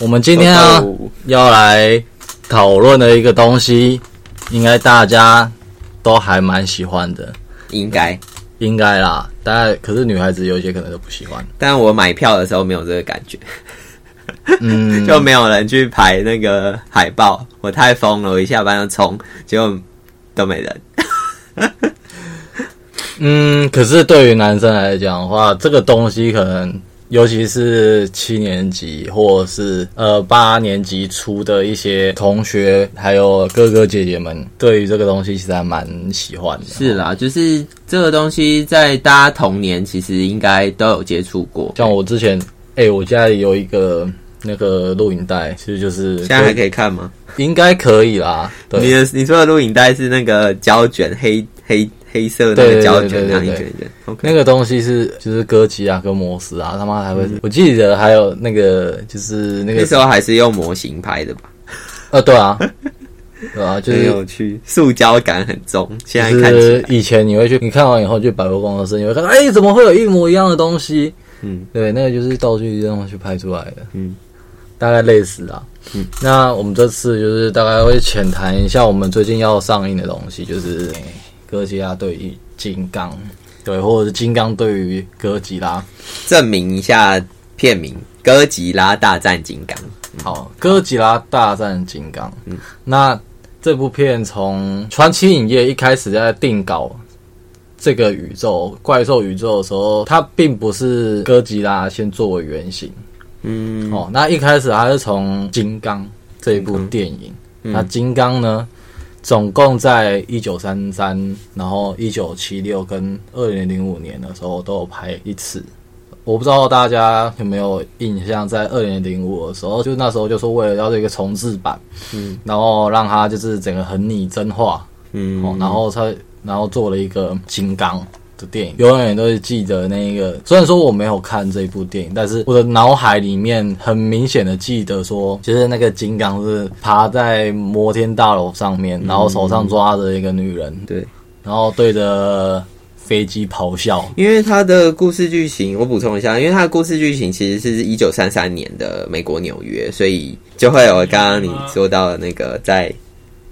我們今天呢、啊哦哦哦，要來討論的一個東西，應該大家都還蠻喜歡的，應該該、嗯、應該啦。但可是女孩子有一些可能都不喜歡。但是我買票的時候沒有這個感覺， 嗯，就沒有人去排那個海報。我太瘋了，我一下班就衝，結果都沒人。 嗯，可是對於男生來講的話，這個東西可能。尤其是七年級或是呃八年級初的一些同學，還有哥哥姐姐們，對於這個東西其實還蠻喜歡的。是啦，就是這個東西在大家童年其實應該都有接觸過。像我之前，哎、欸，我家裡有一個那個錄影帶，其實就是現在還可以看嗎？應該可以啦。對，你的你說的錄影帶是那個膠卷，黑黑。黑色的膠卷啊，你覺得？那個東西是就是哥吉啊，跟摩斯啊，他媽還會。我記得還有那個就是那個時候還是用模型拍的吧？啊，對啊， 對啊，就是有趣，塑膠感很重。現在看，以前你會去，你看完以後去百貨公司，你會看，哎，怎麼會有一模一樣的東西？嗯，對，那個就是道具東西拍出來的，嗯，大概類似啊。嗯，那我們這次就是大概會淺談一下我們最近要上映的東西，就是。哥吉拉對於金剛，對，或者是金剛對於哥吉拉，證明一下片名《哥吉拉大戰金剛》。好，好《哥吉拉大戰金剛》。嗯，那這部片從傳奇影業一開始在定稿這個宇宙怪獸宇宙的時候，它並不是哥吉拉先作為原型。嗯，哦，那一開始還是從金剛這一部電影。嗯嗯嗯、那金剛呢？總共在一九三三，然後一九七六跟二零零五年的時候都有拍一次。我不知道大家有沒有印象，在二零零五的時候，就那時候就說為了要做一個重製版，嗯，然後讓它就是整個很擬真化，嗯、喔，然後才，然後做了一個金剛。的電影永遠都是記得那一個，雖然說我沒有看這一部電影，但是我的腦海裡面很明顯的記得說，其實那個金剛是趴在摩天大樓上面，嗯，然後手上抓着一個女人，對，然後對着飛機咆哮。因為它的故事劇情，我補充一下，因為它的故事劇情其實是一九三三年的美國紐約，所以就會有剛剛你說到的那個在。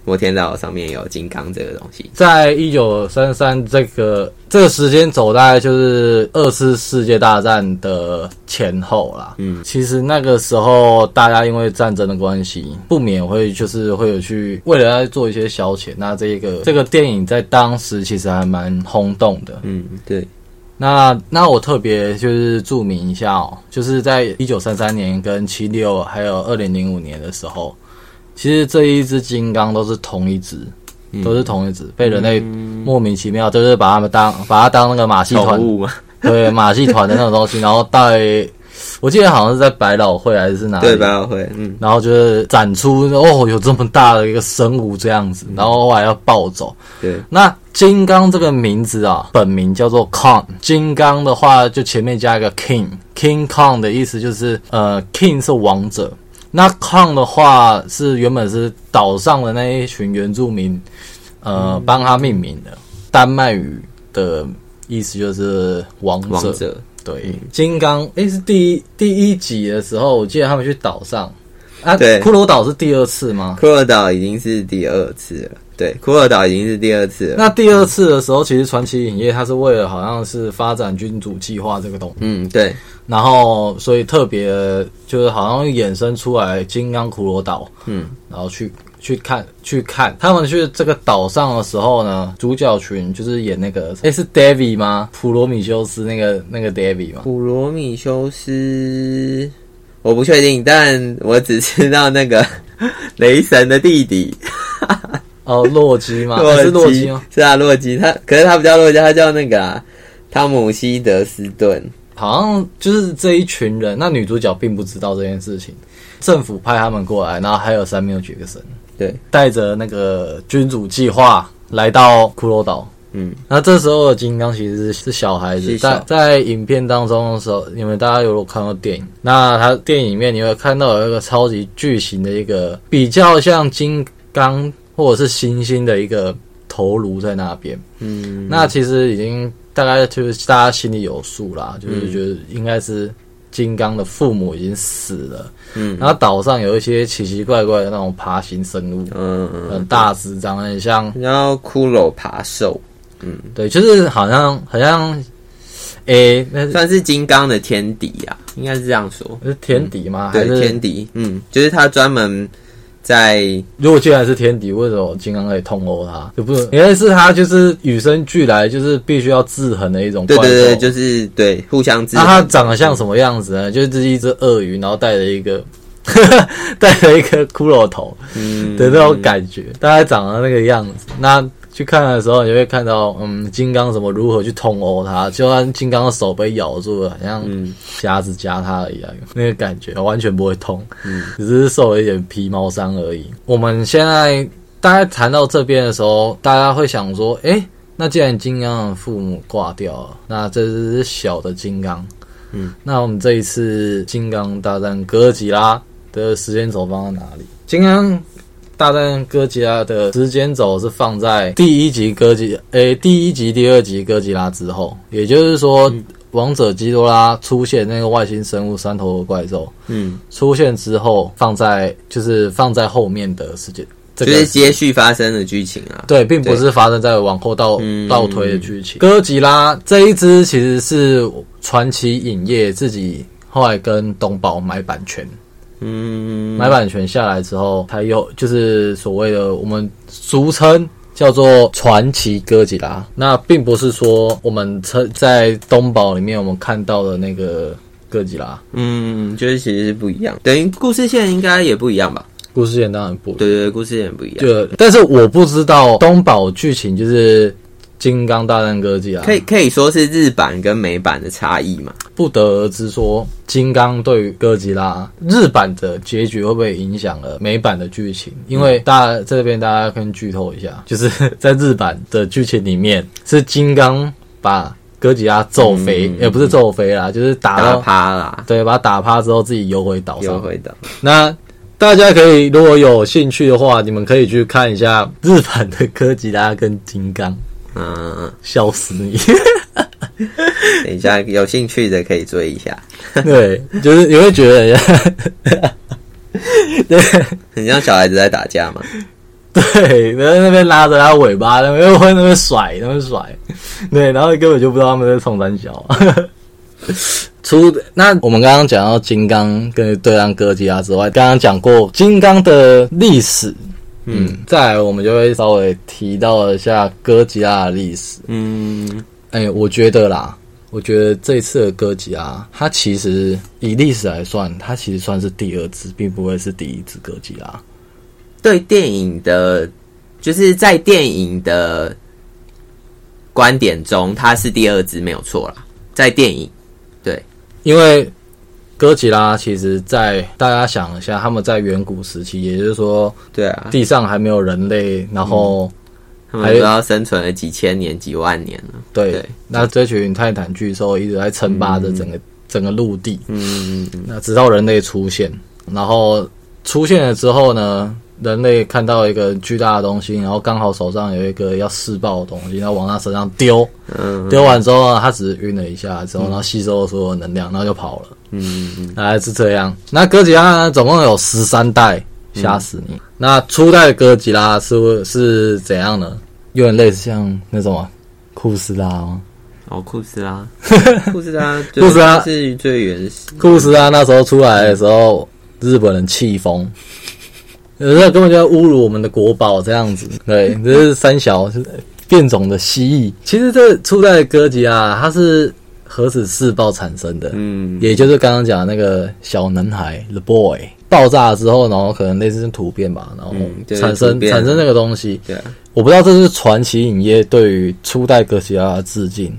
摩天大樓上面有金剛這個東西，在一九三三這個這個時間走，大概就是二次世界大戰的前後啦。嗯，其實那個時候大家因為戰爭的關係，不免會就是會有去為了要做一些消遣。那這個這個電影在當時其實還蠻轟動的。嗯，對。那那我特別就是註明一下哦、喔，就是在一九三三年、跟七六還有二零零五年的時候。其實這一隻金剛都是同一只，嗯、都是同一只，被人類莫名其妙、嗯、就是把他們當把它當那個馬戲團，對馬戲團的那種東西， 然後帶。我記得好像是在百老匯還是哪裡，對百老匯，嗯，然後就是展出哦，有這麼大的一個生物這樣子，嗯、然後後來要暴走，對。那金剛這個名字啊，本名叫做 Kong，金剛的話就前面加一個 King，King King Kong 的意思就是呃 King 是王者。那 Kong 的話是原本是島上的那一群原住民，呃，幫他命名的。丹麥語的意思就是王者，王者對，金剛。誒、欸，是第一第一集的時候，我記得他們去島上啊，對骷髏島是第二次嗎？骷髏島已經是第二次了。對，骷髏島已經是第二次了。那第二次的時候，其實傳奇影業它是為了好像是發展《君主計劃》這個東，嗯，對。然後，所以特別就是好像衍生出來金剛骷髏島，嗯。然後去去看，去看他們去這個島上的時候呢，主角群就是演那個，哎、欸，是 David 嗎？普羅米修斯那個那個 David 嗎？普羅米修斯，我不確定，但我只知道那個雷神的弟弟。 哦，洛基嗎 基、欸？是洛基哦。是啊，洛基。他可是他不叫洛基，他叫那個啊，湯姆希德斯頓。好像就是這一群人。那女主角並不知道這件事情，政府派他們過來，然後還有山繆傑克森，對，帶着那個君主計劃來到骷髏島。嗯，那這時候的金剛其實是，是小孩子，小在在影片當中的時候，因為大家有，有看過電影，那他電影裡面你會看到有一個超級巨型的一個比較像金剛或者是星星的一個頭顱在那邊，嗯，那其實已經大概就是大家心裡有數啦，就是覺得應該是金剛的父母已經死了，嗯，然後島上有一些奇奇怪怪的那種爬行生物，嗯嗯，很大隻，長得很像，然後骷髏爬獸，嗯，對，就是好像好像，誒，算是金剛的天敵啊，應該是這樣說，是天敵嗎？還是天敵，嗯，就是他專門。在如果，既然是天敵，為什麼金剛可以痛毆他？就不因為是他，就是與生俱來，就是必須要制衡的一種怪獸。對對對，就是對互相制衡。制那、啊、他長得像什麼樣子呢？就是一隻鱷魚，然後帶着一個帶着 一個骷髏頭，嗯，的那種感覺，大概長得那個樣子。那去看的時候，你就會看到，嗯，金剛怎麼如何去痛毆他？就算金剛的手被咬住了，好像嗯，夾子夾他一樣，嗯、 那個感覺完全不會痛，嗯，只是受了一點皮毛傷而已。我們現在大家談到這邊的時候，大家會想說，哎、欸，那既然金剛的父母掛掉了，那這是小的金剛，嗯，那我們這一次《金剛大戰哥吉拉》的時間軸放在哪裡？金剛。大戰哥吉拉的時間軸是放在第一集哥吉誒、欸、第一集第二集哥吉拉之後，也就是說王者基多拉出現那個外星生物三頭的怪獸，嗯，出現之後放在就是放在後面的時間，這個、就是接續發生的劇情啊，對，並不是發生在往後倒對倒推的劇情。嗯、哥吉拉這一支其實是傳奇影業自己後來跟東寶買版權。嗯，買版權下來之後，它有就是所謂的我們俗稱叫做傳奇哥吉拉，那並不是說我們稱在東寶裡面我們看到的那個哥吉拉。嗯，就是其實是不一樣，等於故事線應該也不一樣吧？故事線當然不，對，對對，故事線也不一樣。就但是我不知道東寶劇情就是。金剛大戰哥吉拉，可以可以說是日版跟美版的差異嗎？不得而知說。說金剛對哥吉拉，日版的結局會不會影響了美版的劇情？因為大家、嗯、這邊大家可以劇透一下，就是在日版的劇情裡面，是金剛把哥吉拉揍飛，也、嗯欸、不是揍飛啦，嗯、就是打到，打趴啦。對，把他打趴之後，自己游回島上。游回島。 那大家可以如果有興趣的話，你們可以去看一下日版的哥吉拉跟金剛。嗯，笑死你！ 等一下，有興趣的可以追一下。 對，就是你會覺得， 對，很像小孩子在打架嘛？對，然、就、後、是、那邊拉着他尾巴，他們又會那邊甩，那邊甩。對，然後根本就不知道他們在衝三角。 出那我們剛剛講到金剛跟對戰哥吉拉之外，剛剛講過金剛的歷史。嗯，再來我們就會稍微提到一下哥吉拉的歷史。嗯，哎、欸，我覺得啦，我覺得這次的哥吉拉，它其實以歷史來算，它其實算是第二隻，並不會是第一隻哥吉拉。對電影的，就是在電影的觀點中，它是第二隻沒有錯啦。在電影，對，因為。哥吉拉其實在，在大家想一下，他們在遠古時期，也就是說，對啊，地上還沒有人類，然後還，還要、嗯、生存了幾千年、幾萬年了。對，對那這群泰坦巨獸一直在稱霸着整個、嗯、整個陸地，嗯，嗯，嗯，那直到人類出現，然後出現了之後呢？人類看到一個巨大的東西，然後剛好手上有一個要試爆的東西，然後往他身上丟。嗯哼，丟完之後，呢，他只是暈了一下，之後、嗯、然後吸收了所有能量，然後就跑了。嗯大、嗯、概、嗯啊、是這樣。那哥吉拉呢總共有十三代，嚇死你！嗯、那初代的哥吉拉是是怎樣的？有點類似像那種、啊、酷斯拉嗎？哦，酷斯拉， 酷斯拉，對酷斯拉是最原始。酷斯拉那時候出來的時候，嗯、日本人氣瘋。有時候根本就要侮辱我們的國寶這樣子。對，這是三小是變種的蜥蜴。其實這初代哥吉拉，它是核子試爆產生的。嗯，也就是剛剛講那個小男孩 The Boy 爆炸之後，然後可能類似是突變吧，然後產生，產生產生那個東西。對，我不知道這是傳奇影業對於初代哥吉拉的致敬。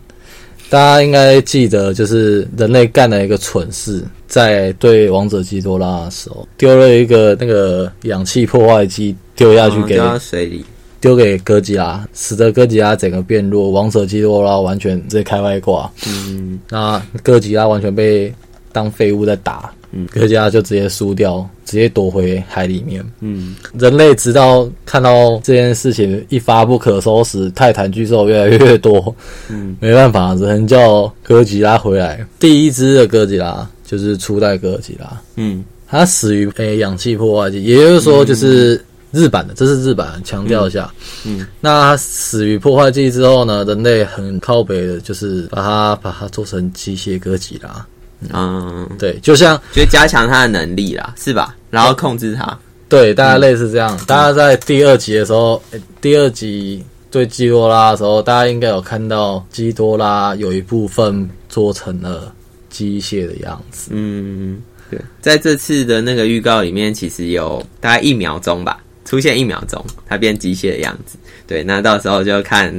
大家應該記得，就是人類幹了一個蠢事，在對王者基多拉的時候，丟了一個那個氧氣破壞機丟下去給水裡，丟給哥吉拉，使得哥吉拉整個變弱，王者基多拉完全在開外掛，嗯，那哥吉拉完全被。當廢物在打，嗯，哥吉拉就直接輸掉，直接躲回海裡面。嗯，人類直到看到這件事情一發不可收拾，泰坦巨獸越來越多。嗯，沒辦法，只能叫哥吉拉回來。第一只的哥吉拉就是初代哥吉拉。嗯，它死於誒、欸、氧氣破壞劑，也就是說，就是日版的，這是日版，強調一下。嗯，嗯，那它死於破壞劑之後呢，人類很靠北的就是把它把它做成機械哥吉拉。嗯，對，就像就加強他的能力啦，是吧？然後控制他，嗯、對，大概類似這樣。嗯、大家在第二集的時候、欸，第二集對基多拉的時候，大家應該有看到基多拉有一部分做成了機械的樣子。嗯，對，在這次的那個預告裡面，其實有大概一秒鐘吧，出現一秒鐘，它變機械的樣子。對，那到時候就要看，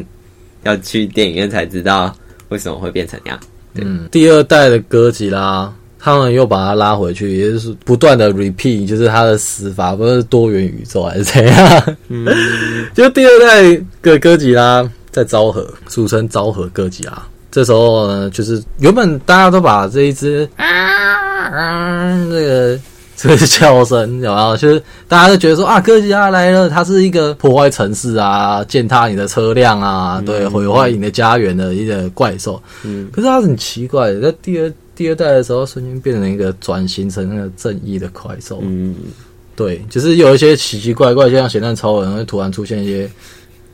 要去電影院才知道為什麼會變成這樣。對嗯，第二代的哥吉拉，他們又把它拉回去，也就是不斷的 repeat，就是它的死法，不是多元宇宙還是怎樣？嗯， 就第二代的哥吉拉在昭和，俗稱昭和哥吉拉。這時候呢，就是原本大家都把這一隻，那個。這個叫聲，然後就是大家都覺得說啊，哥吉拉來了，它是一個破壞城市啊、踐踏你的車輛啊、嗯嗯對，毀壞你的家園的一個怪獸。嗯，嗯，可是它很奇怪，在第二第二代的時候，瞬間變成一個轉型成那個正義的怪獸。嗯，嗯，對，就是有一些奇奇怪怪，像鹹蛋超人會突然出現一些。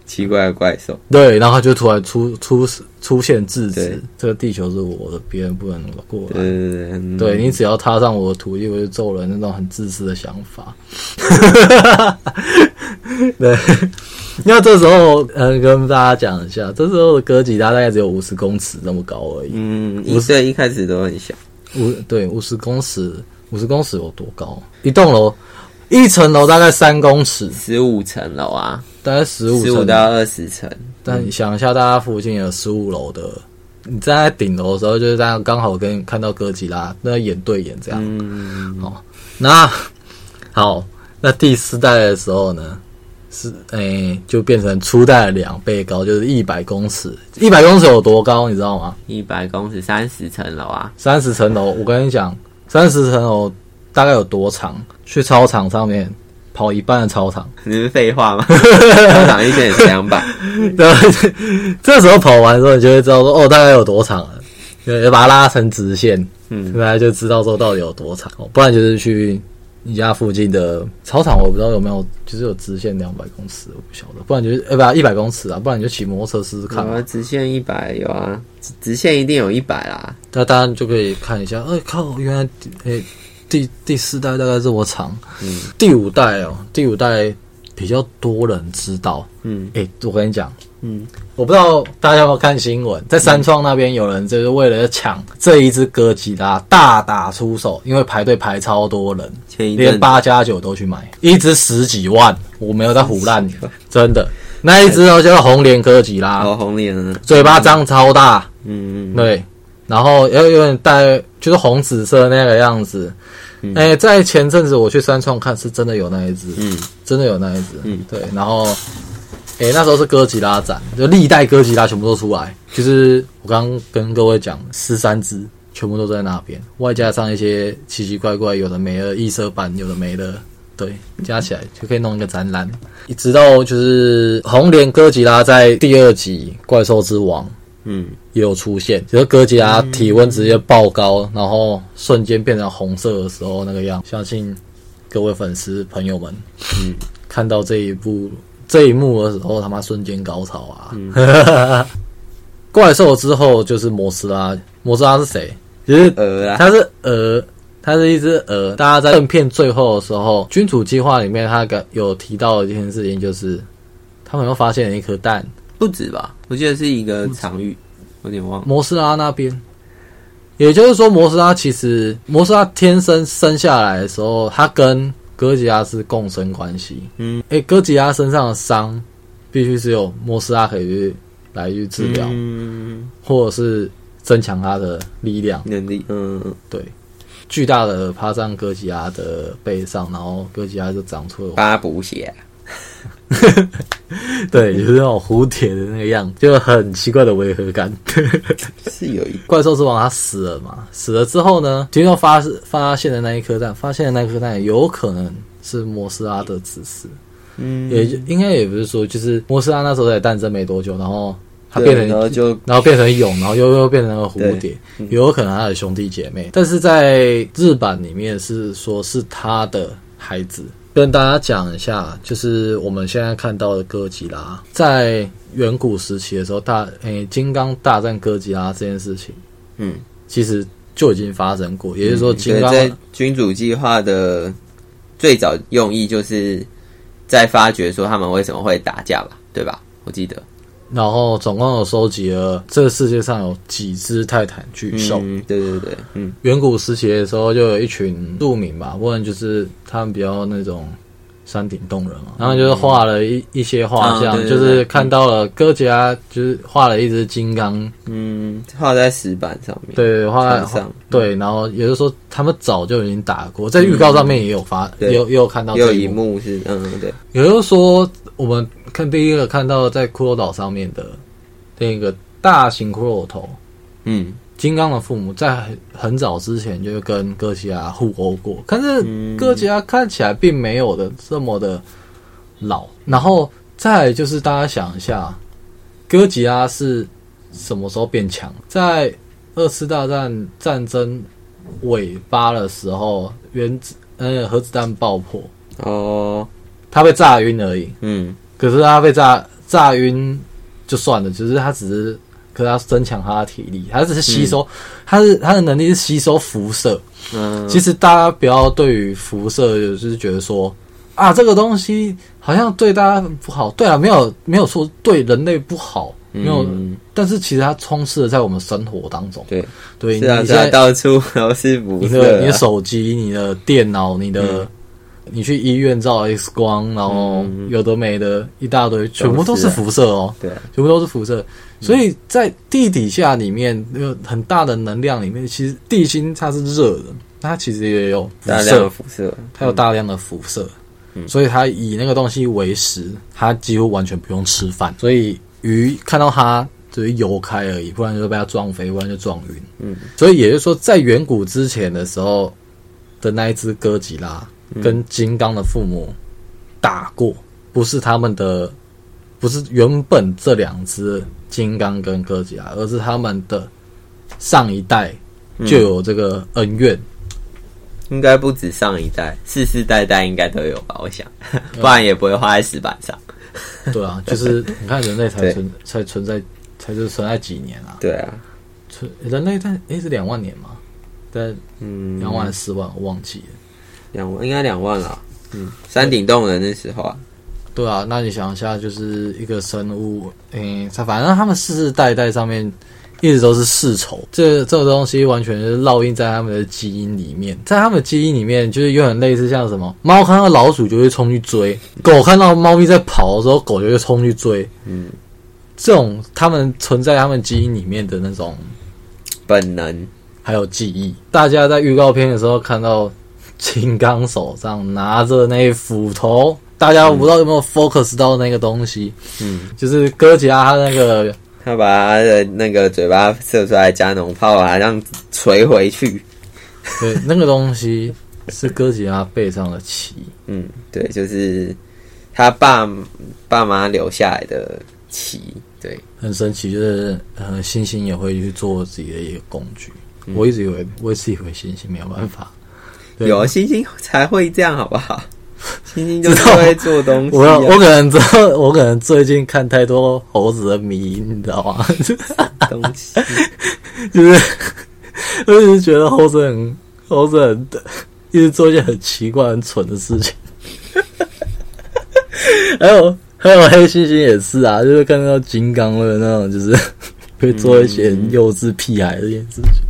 奇怪的怪獸，對，然後就突然出出出現制止，對這個地球是我的，別人不能過來。來對，對，對，對你只要踏上我的土地，我就揍人，那種很自私的想法。嗯、 對，因 為這時候，跟大家講一下，這時候的哥吉拉大概只有五十公尺那麼高而已。嗯，五十 50, 一開始都很小。五對五十公尺，五十公尺有多高、啊？一棟樓。一層樓大概三公尺，十五層樓啊，大概十五十五到二十層。但你想一下，大家附近有十五樓的，嗯、你站在頂樓的時候，就是這樣剛好跟看到哥吉拉，那眼對眼這樣。嗯、好，那好，那第四代的時候呢，是誒、欸，就變成初代的兩倍高，就是一百公尺。一百公尺有多高，你知道嗎？一百公尺三十層樓啊，三十層樓。我跟你講，三十層樓。 大概有多長？去操場上面跑一半的操場，你是廢話嗎？ 操場一圈也是兩百，對。對 這時候跑完之後，你就會知道說哦，大概有多長啊？要要 把它拉成直線，嗯，大家就知道說到底有多長。不然就是去你家附近的操場，我不知道有沒有，就是有直線兩百公尺，我不曉得。不然就是要、欸、不然一百公尺啊，不然你就騎摩托車試試看啊。100，啊，直線一百有啊，直線一定有一百啊。那當然就可以看一下，呃、欸，靠，原來誒。欸第第四代大概這麼長，嗯、第五代哦、喔，第五代比較多人知道。嗯，誒、欸、我跟你講，嗯，我不知道大家有沒有看新聞，在三創那邊有人就是為了搶這一隻哥吉拉大打出手，因為排隊排超多人，連八加九都去買，一隻十幾萬，我沒有在唬爛你，真的，那一隻、喔、叫紅蓮哥吉拉，哦、紅蓮嘴巴張超大，嗯，嗯嗯對。然後要有點帶，就是紅紫色那個樣子。哎，在前陣子我去三創看，是真的有那一隻，嗯，真的有那一隻，嗯，對。然後，哎，那時候是哥吉拉展，就歷代哥吉拉全部都出來，就是我剛剛跟各位講，十三隻全部都在那邊，外加上一些奇奇怪怪，有的沒的，異色版，有的沒的，對，加起來就可以弄一個展覽，一直到就是紅蓮哥吉拉在第二集《怪獸之王》。嗯，也有出現，就是哥吉拉體溫直接爆高，然後瞬間變成紅色的時候那個樣，相信各位粉絲朋友們，嗯，看到這一部這一幕的時候，他媽瞬間高潮啊！怪獸、嗯、 之後就是摩斯拉，摩斯拉是誰？就是鵝啊，它是鵝，它是一隻鵝。大家在正片最後的時候，《君主計劃》裡面，它有提到的一件事情，就是他們又發現了一顆蛋。不止吧，我記得是一個場域，止我有點忘了。摩斯拉那邊，也就是說，摩斯拉其實，摩斯拉天生生下來的時候，它跟哥吉拉是共生關係。嗯，哎、欸，哥吉拉身上的傷，必須是由摩斯拉可以去來去治療，嗯、或者是增強它的力量能力。對嗯，嗯，對，巨大的趴上哥吉拉的背上，然後哥吉拉就長出了巴補血、啊。 呵呵， 對，就是那種蝴蝶的那個樣子，就很奇怪的違和感。是有一怪獸之王，他死了嘛，死了之後呢，其實發發現的那一顆蛋，發現的那一顆蛋，有可能是摩斯拉的子嗣。嗯，也就應該也不是說，就是摩斯拉那時候才誕生沒多久，然後他變成，然後就然後變成蛹，然後又又變成了蝴蝶，嗯，有可能他的兄弟姐妹。但是在日版裡面是說是他的孩子。跟大家講一下，就是我們現在看到的哥吉拉，在遠古時期的時候，大誒、欸，金剛大戰哥吉拉這件事情，嗯，其實就已經發生過，也就是說金、嗯，金剛在君主計劃的最早用意就是在發掘說他們為什麼會打架吧，對吧？我記得。然後總共有收集了這個世界上有幾隻泰坦巨獸。嗯？對對對，嗯，遠古時期的時候就有一群鹿民嘛，問就是他們比較那種。山頂洞人嘛，然後就是畫了一一些畫像，就是看到了哥吉拉，就是畫了一隻金剛，嗯，畫在石板上面，對，畫在上，嗯、對，然後也就是說他們早就已經打過，在預告上面也有發，也、嗯、也有看到一也有一幕是，嗯，嗯，對，也就是說我們看第一個看到在骷髏島上面的那個大型骷髏頭，嗯。金剛的父母在很早之前就跟哥吉拉互毆過，可是哥吉拉看起來並沒有的這麼的老。嗯、然後再來就是大家想一下，哥吉拉是什麼時候變強？在二次大戰戰爭尾巴的時候，原子，呃，核子彈爆破，哦，他被炸暈而已。嗯，可是他被炸炸暈就算了，只，就是他只是。可是它增強它的體力，它只是吸收，嗯、它是它的能力是吸收輻射。嗯，其實大家不要對於輻射就是覺得說啊，這個東西好像對大家不好。對啊，沒有沒有說對人類不好，嗯、沒有。但是其實它充斥在我們生活當中。對對，對啊、你現在你到處都是輻射、啊你，你的手機、你的電腦、你的。嗯你去醫院照 X 光，然後有的沒的，一大堆，嗯嗯嗯、全部都是輻射哦。對、嗯，嗯、全部都是輻射。所以在地底下裡面那個很大的能量裡面，其實地心它是熱的，它其實也有大量的輻射，它有大量的輻射。嗯、所以它以那個東西為食，它幾乎完全不用吃飯。嗯、所以魚看到它就是游開而已，不然就被它撞飛，不然就撞暈。嗯，所以也就是說，在遠古之前的時候的那一只哥吉拉。跟金剛的父母打過，不是他們的，不是原本這兩隻金剛跟哥吉拉，而是他們的上一代就有這個恩怨。嗯、應該不止上一代，世世代代應該都有吧？我想，嗯、不然也不會畫在石板上、嗯。對啊，就是你看人類才存對才存在才就存在幾年啊？對啊，存、欸、人類在，那、欸、是兩萬年嗎？但嗯，兩萬四萬我忘記了。兩萬應該兩萬了。嗯，山頂洞人那時候啊，對啊，那你想一下，就是一個生物，嗯、欸，反正他們世世代代上面一直都是世仇，這這個東西完全就是烙印在他們的基因裡面，在他們的基因裡面，就是有點類似，像什麼貓看到老鼠就會衝去追，狗看到貓咪在跑的時候，狗就會衝去追。嗯，這種他們存在他們基因裡面的那種本能，還有記憶，大家在預告片的時候看到，金剛手上拿着那斧頭，大家不知道有沒有 focus 到的那個東西？嗯，就是哥吉拉他那個，他把他的那個嘴巴射出來加農炮啊，這樣錘回去。對，那個東西是哥吉拉背上的鰭。 嗯，對，就是他爸爸媽留下來的鰭。對，很神奇，就是呃，猩猩也會去做自己的一個工具。嗯、我一直以為我一直以為猩猩沒有辦法。嗯有猩猩才會這樣，好不好？猩猩就是會做東西，啊我。我我可能知道，我可能最近看太多猴子的迷，你知道嗎？東西 就是，我就一直覺得猴子很猴子很一直做一些很奇怪、很蠢的事情。 還有還有黑猩猩也是啊，就是看到金剛的那種，就是、嗯、會做一些幼稚屁孩這件事情。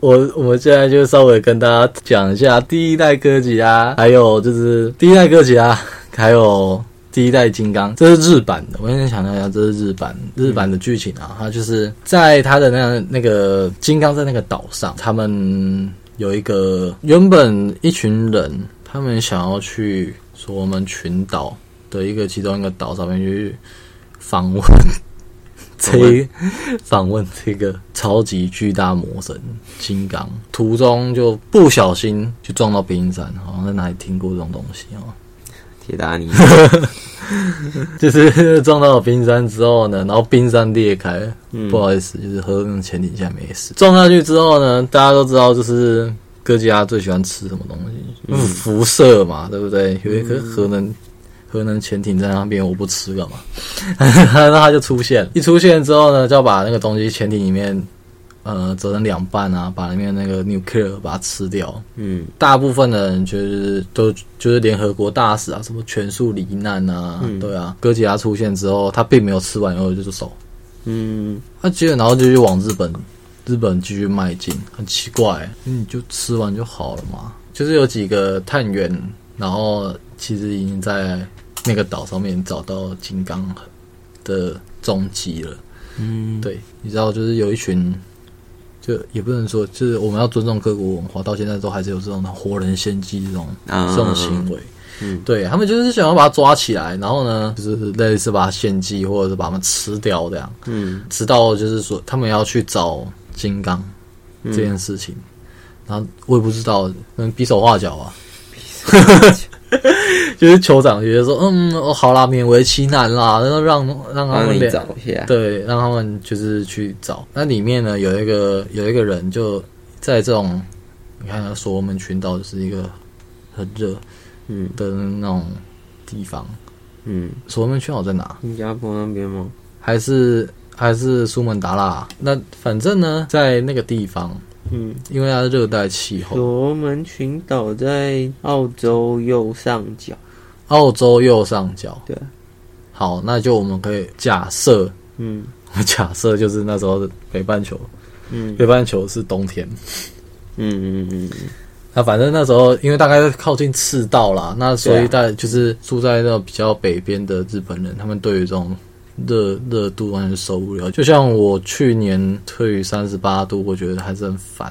我我們現在就稍微跟大家講一下第一代哥吉拉，還有就是第一代哥吉拉，還有第一代金剛，這是日版的。我先講想想一下，這是日版，日版的劇情啊。它就是在他的那那個金剛在那個島上，他們有一個原本一群人，他們想要去所羅門群島的一個其中一個島上面去訪問。去訪問這個超級巨大魔神金剛，途中就不小心就撞到冰山，好像在哪裡聽過這種東西哦。鐵達尼。 就是撞到了冰山之後呢，然後冰山裂開，嗯、不好意思，就是核能前提下沒事。撞下去之後呢，大家都知道，就是哥吉拉最喜歡吃什麼東西，輻、嗯、射嘛，對不對？因為核核能。核能潛艇在那邊，我不吃幹嘛？ 那他就出現，一出現之後呢，就要把那個東西潛艇裡面，呃，折成兩半啊，把裡面那個 nuclear 把它吃掉。嗯，大部分的人就是都就，就是聯合國大使啊，什麼全數罹難啊，嗯、對啊。哥吉拉出現之後，他並沒有吃完以，嗯啊、然後就手。嗯，他接着然後就去往日本，日本繼續邁進，很奇怪、欸。你、嗯、就吃完就好了嘛。就是有幾個探員，然後其實已經在。那個島上面找到金剛的蹤跡了，嗯，對，你知道，就是有一群，就也不能說，就是我們要尊重各國文化，到現在都還是有這種的活人獻祭這種、啊、這種行為，嗯，對他們就是想要把他抓起來，然後呢，就是類似把他獻祭，或者是把他們吃掉這樣，嗯，直到就是說他們要去找金剛這件事情，嗯、然後我也不知道，能比手畫腳啊，比手畫腳。 就是酋長，覺得說：“嗯，我、哦、好啦，勉為其難啦，然後讓讓他們找一下，對，讓他們就是去找。那裡面呢，有一個有一個人，就在這種，你看，所羅門群島是一個很熱嗯的那種地方，嗯，所羅門群島在哪？新加坡那邊嗎還？還是還是蘇門答臘？那反正呢，在那個地方。”嗯，因為它是熱帶氣候。所羅門群島在澳洲右上角，澳洲右上角。對，好，那就我們可以假設，嗯，假設就是那時候的北半球，嗯，北半球是冬天。嗯嗯嗯嗯，那反正那時候，因為大概靠近赤道啦，那所以大就是住在那種比較北邊的日本人，他們對於這種。熱熱度完全受不了，就像我去年退於三十八度，我覺得還是很煩。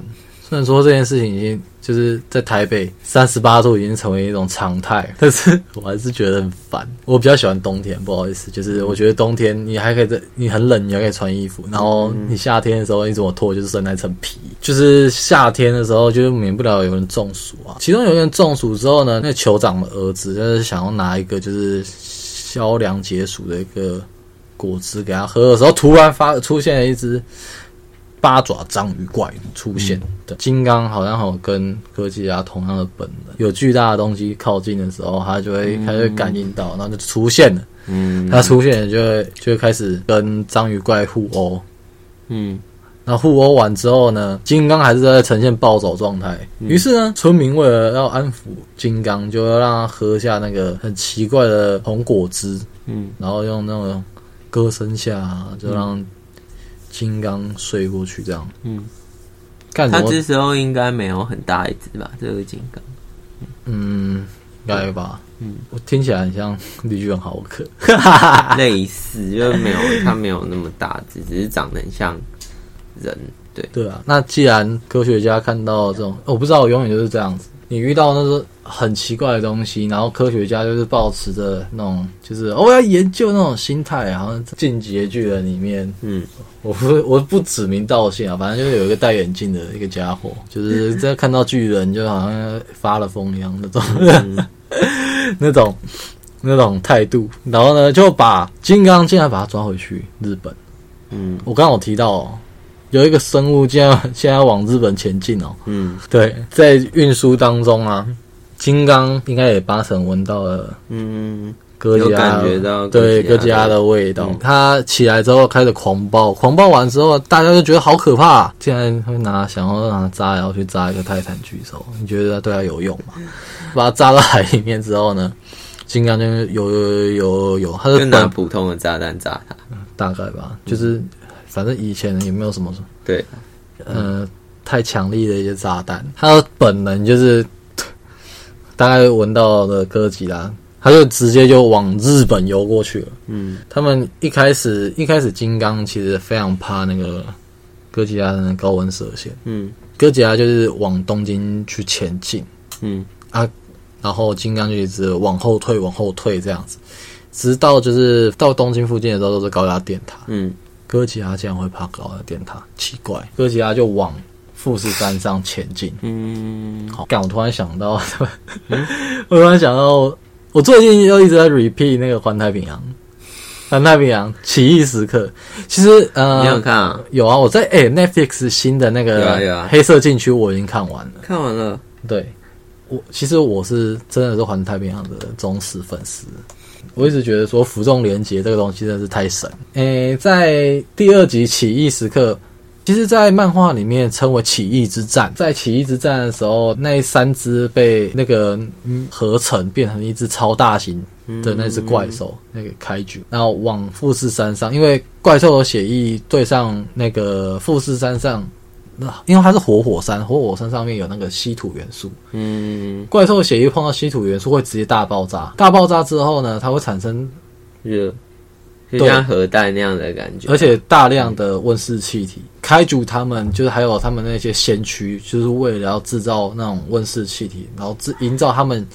雖然說這件事情已經就是在台北三十八度已經成為一種常態，但是我還是覺得很煩。我比較喜歡冬天，不好意思，就是我覺得冬天你還可以在你很冷，你還可以穿衣服，然後你夏天的時候你怎麼脫，就是剩那層皮。就是夏天的時候，就免不了有人中暑啊。其中有人中暑之後呢，那酋長的兒子就是想要拿一個就是消涼解暑的一個。果汁給他喝的時候，突然發出現了一隻八爪章魚怪出現的。的、嗯、金剛好像好跟哥吉拉同樣的本能，有巨大的東西靠近的時候，他就會、嗯、他就會感應到，然後就出現了。嗯，他出現了就會就會開始跟章魚怪互毆。嗯，那互毆完之後呢，金剛還是在呈現暴走狀態。於、嗯、是呢，村民為了要安撫金剛，就要讓他喝下那個很奇怪的紅果汁。嗯，然後用那種、個。歌聲下，就讓金剛睡過去，這樣。嗯，看麼他這時候應該沒有很大一隻吧？這個金剛，嗯，應對該吧。嗯，我聽起來很像綠巨人，好可， 類似，因、就、為、是、沒有他沒有那麼大隻，只是長得很像人。對對啊，那既然科學家看到這種、哦，我不知道，我永遠就是這樣子。你遇到那種很奇怪的東西，然後科學家就是抱持着那種，就是我、哦、要研究那種心態，好像《進擊的巨人》裡面，嗯，我不我不指名道姓啊，反正就是有一個戴眼鏡的一個家伙，就是在看到巨人就好像發了瘋一樣那種、嗯、 那種，那種那種態度，然後呢，就把金剛竟然把他抓回去日本，嗯，我剛好提到、喔。有一個生物，現在現在往日本前進哦。嗯，對，在運輸當中啊，金剛應該也八成聞到了，嗯，哥吉拉，對哥吉拉的味道。它、嗯、起來之後開始狂暴，狂暴完之後，大家就覺得好可怕。竟然會拿想要拿炸藥然後去炸一個泰坦巨獸，你覺得它對它有用嗎？把它炸到海裡面之後呢，金剛就有有有有，它是拿普通的炸彈炸他，大概吧，嗯、就是。反正以前也沒有什麼，對，呃，太強力的一些炸彈，他的本能就是大概聞到了哥吉拉，他就直接就往日本游過去了。嗯，他們一開始一開始，金剛其實非常怕那個哥吉拉的高溫射線。嗯，哥吉拉就是往東京去前進。嗯啊，然後金剛就一直往後退，往後退這樣子，直到就是到東京附近的時候都是高壓電塔。嗯。哥吉拉竟然會爬高的電塔，奇怪！哥吉拉就往富士山上前進。嗯， 好，我突然想到，嗯、 我突然想到我，我最近又一直在 repeat 那個《環太平洋》《環太平洋》起義時刻。其實，呃，你有看啊？有啊！我在、欸、Netflix 新的那個《黑色禁區》，我已經看完了，啊啊、看完了。對，我其實我是真的是《環太平洋》的忠實粉絲。我一直覺得說“服眾連結這個東西真的是太神。誒，在第二集起義時刻，其實，在漫畫裡面稱為“起義之戰”。在起義之戰的時候，那三隻被那個合成變成一隻超大型的那隻怪獸，那個開局，然後往富士山上，因為怪獸的血液對上那個富士山上。那因為它是活火山，活火山上面有那個稀土元素。嗯，怪獸血液碰到稀土元素會直接大爆炸。大爆炸之後呢，它會產生熱，對，像核彈那樣的感覺。對而且大量的溫室氣體，嗯、開祖他們就是還有他們那些先驅，就是為了要製造那種溫室氣體，然後營造他們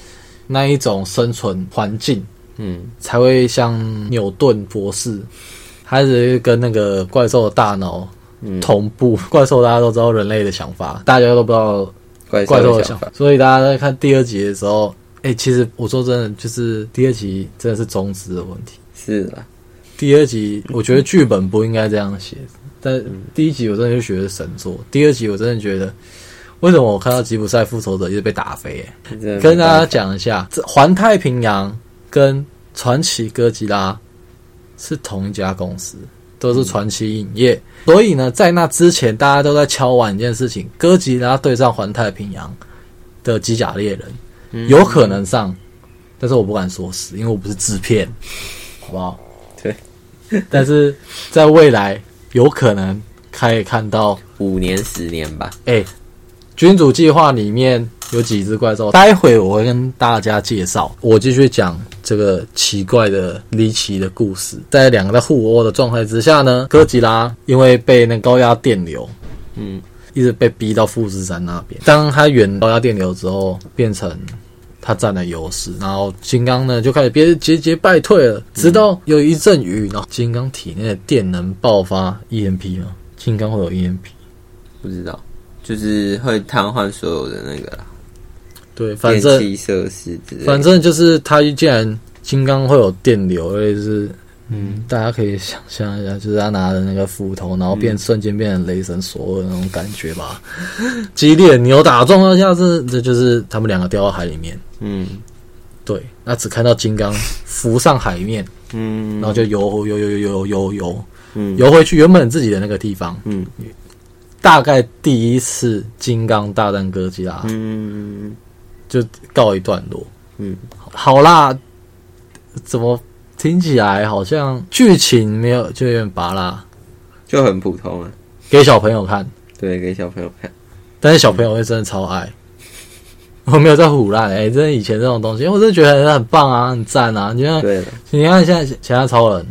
那一種生存環境。嗯，才會像牛頓博士，還是跟那個怪獸的大腦。同步怪獸，大家都知道人類的想法，大家都不知道怪獸的想法，所以大家在看第二集的時候，哎，其實我說真的，就是第二集真的是宗旨的問題。是啊，第二集我覺得劇本不應該這樣寫，但第一集我真的就覺得神作，第二集我真的覺得，為什麼我看到吉普賽復仇者一直被打飛？哎，跟大家講一下，環太平洋跟傳奇哥吉拉是同一家公司。都是傳奇影業，嗯、所以呢，在那之前，大家都在敲碗一件事情：哥吉拉，然後對上環太平洋的機甲獵人，有可能上，嗯、但是我不敢說死，因為我不是製片，好不好？對， 但是在未來有可能可以看到五年、十年吧。哎、欸，君主計劃裡面。有幾隻怪獸，待會我會跟大家介紹。我繼續講這個奇怪的、離奇的故事。在兩個在互毆的狀態之下呢，哥吉拉因為被那高壓電流，嗯，一直被逼到富士山那邊。當他遠高壓電流之後，變成他佔了優勢，然後金剛呢就開始別節節敗退了。直到有一陣雨，嗯、然後金剛體內的電能爆發，EMP 嗎？金剛會有 EMP？不知道，就是會癱瘓所有的那個啦。對，反正反正就是他竟然金剛會有電流，也就是嗯，大家可以想象一下，就是他拿着那個斧頭，然後變、嗯、瞬間變成雷神索爾的那種感覺吧， 激烈扭打狀況下是，是這就是他們兩個掉到海裡面，嗯，對，那只看到金剛浮上海面，嗯，然後就游游游游游游游，游回去原本自己的那個地方，嗯，大概第一次金剛大戰哥吉拉，嗯。嗯就告一段落。嗯，好啦，怎麼聽起來好像劇情沒有就有點拔啦，就很普通啊，給小朋友看。對，給小朋友看，但是小朋友會真的超愛。 我沒有在唬爛。哎，真的以前這種東西，因為我真的覺得很棒啊，很讚啊。你看，對了你看現在其他超人，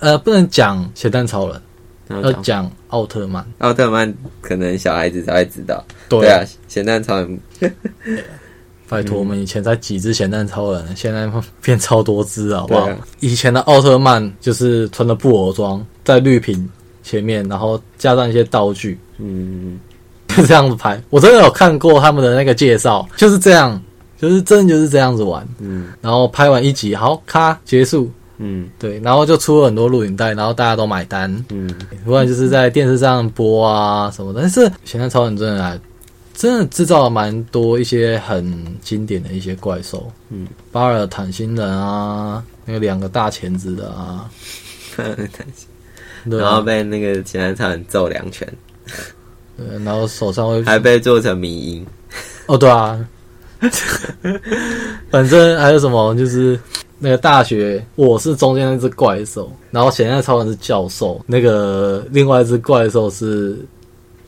呃，不能講鹹蛋超人，要講奧特曼。奧特曼可能小孩子才會知道。對，對啊，鹹蛋超人。 拜託，我們以前才幾隻鹹蛋超人，現在變超多隻啊！好不好？以前的奧特曼就是穿的布偶裝，在綠屏前面，然後加上一些道具，嗯，就這樣子拍。我真的有看過他們的那個介紹，就是這樣，就是真的就是這樣子玩，嗯。然後拍完一集，好，咔，結束，嗯，對，然後就出了很多錄影帶，然後大家都買單，嗯，不然就是在電視上播啊什麼的。但是鹹蛋超人真的來。真的製造了蠻多一些很經典的一些怪獸，嗯，巴爾坦星人啊，那個兩個大鉗子的啊， 然後被那個鹹蛋超人揍兩拳 對，然後手上會還被做成迷因。 哦，對啊， 反正還有什麼就是那個大學，我是中間那隻怪獸，然後鹹蛋超人是教授，那個另外一隻怪獸是。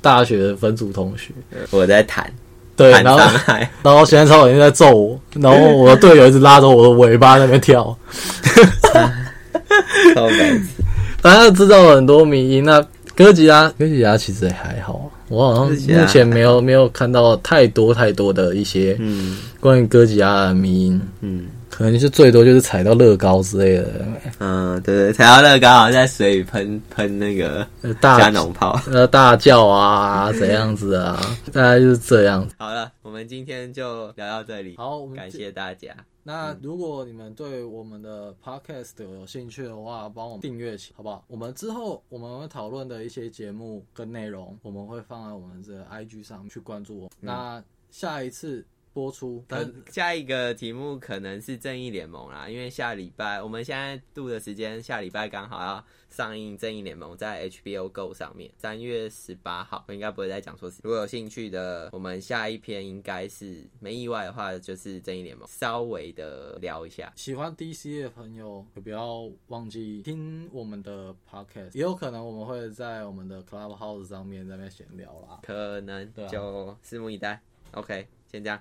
大學分組同學，我在彈，對，彈彈，然後彈彈，然後現在超老師在揍我， 然後我的隊友一直拉着我的尾巴在那邊跳， 嗯、超有意思，反正知道了很多迷因。那哥吉拉，哥吉拉其實也還好，我好像目前沒有沒有看到太多太多的一些關於哥吉拉的迷因，嗯。嗯可能就是最多就是踩到樂高之類的，嗯，對對，踩到樂高，好像在水裡噴噴那個、呃、加農炮，呃，大叫啊怎樣子啊， 大概就是這樣子。好了，我們今天就聊到這裡。好，我們感謝大家。那、嗯、如果你們對我們的 podcast 有興趣的話，幫我們訂閱起，好不好？我們之後我們會討論的一些節目跟內容，我們會放在我們這個 IG 上去關注我們。嗯、那下一次。播出，但下一個題目可能是《正義聯盟》啦，因為下禮拜我們現在度的時間，下禮拜剛好要上映《正義聯盟》在 HBO Go 上面，三月十八號，我應該不會再講錯事，如果有興趣的，我們下一篇應該是沒意外的話，就是《正義聯盟》稍微的聊一下。喜歡 DC 的朋友，不要忘記聽我們的 podcast，也有可能我們會在我們的 Clubhouse 上面在那邊閒聊啦。可能，對啊，就拭目以待。OK，先這樣。